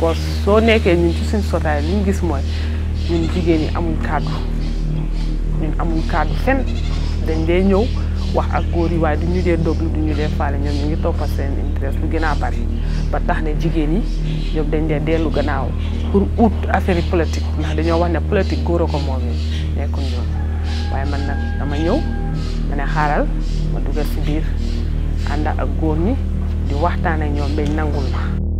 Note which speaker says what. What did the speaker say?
Speaker 1: parce soo nekkee ñun ci suñ sotaay li ñu gis mooy ñun jigéen ñi amul kàddu ñun amul kàddu fenn dañ dee ñëw wax ak góor yi waaye du ñu dee doglu du ñu dee faale ñoom ñu ngi toppa seen intérêt lu gën a bari ba tax ne jigéen yi ñoom dañ dee dellu gannaaw pour ut affaire yi politique ndax dañoo wax ne politique góor a ko moom yi nekkul ñoom waaye man nag dama ñëw ma ne xaaral ma dugal si biir ànd ak góor ñi di waxtaan ak ñoom bañ nangul ma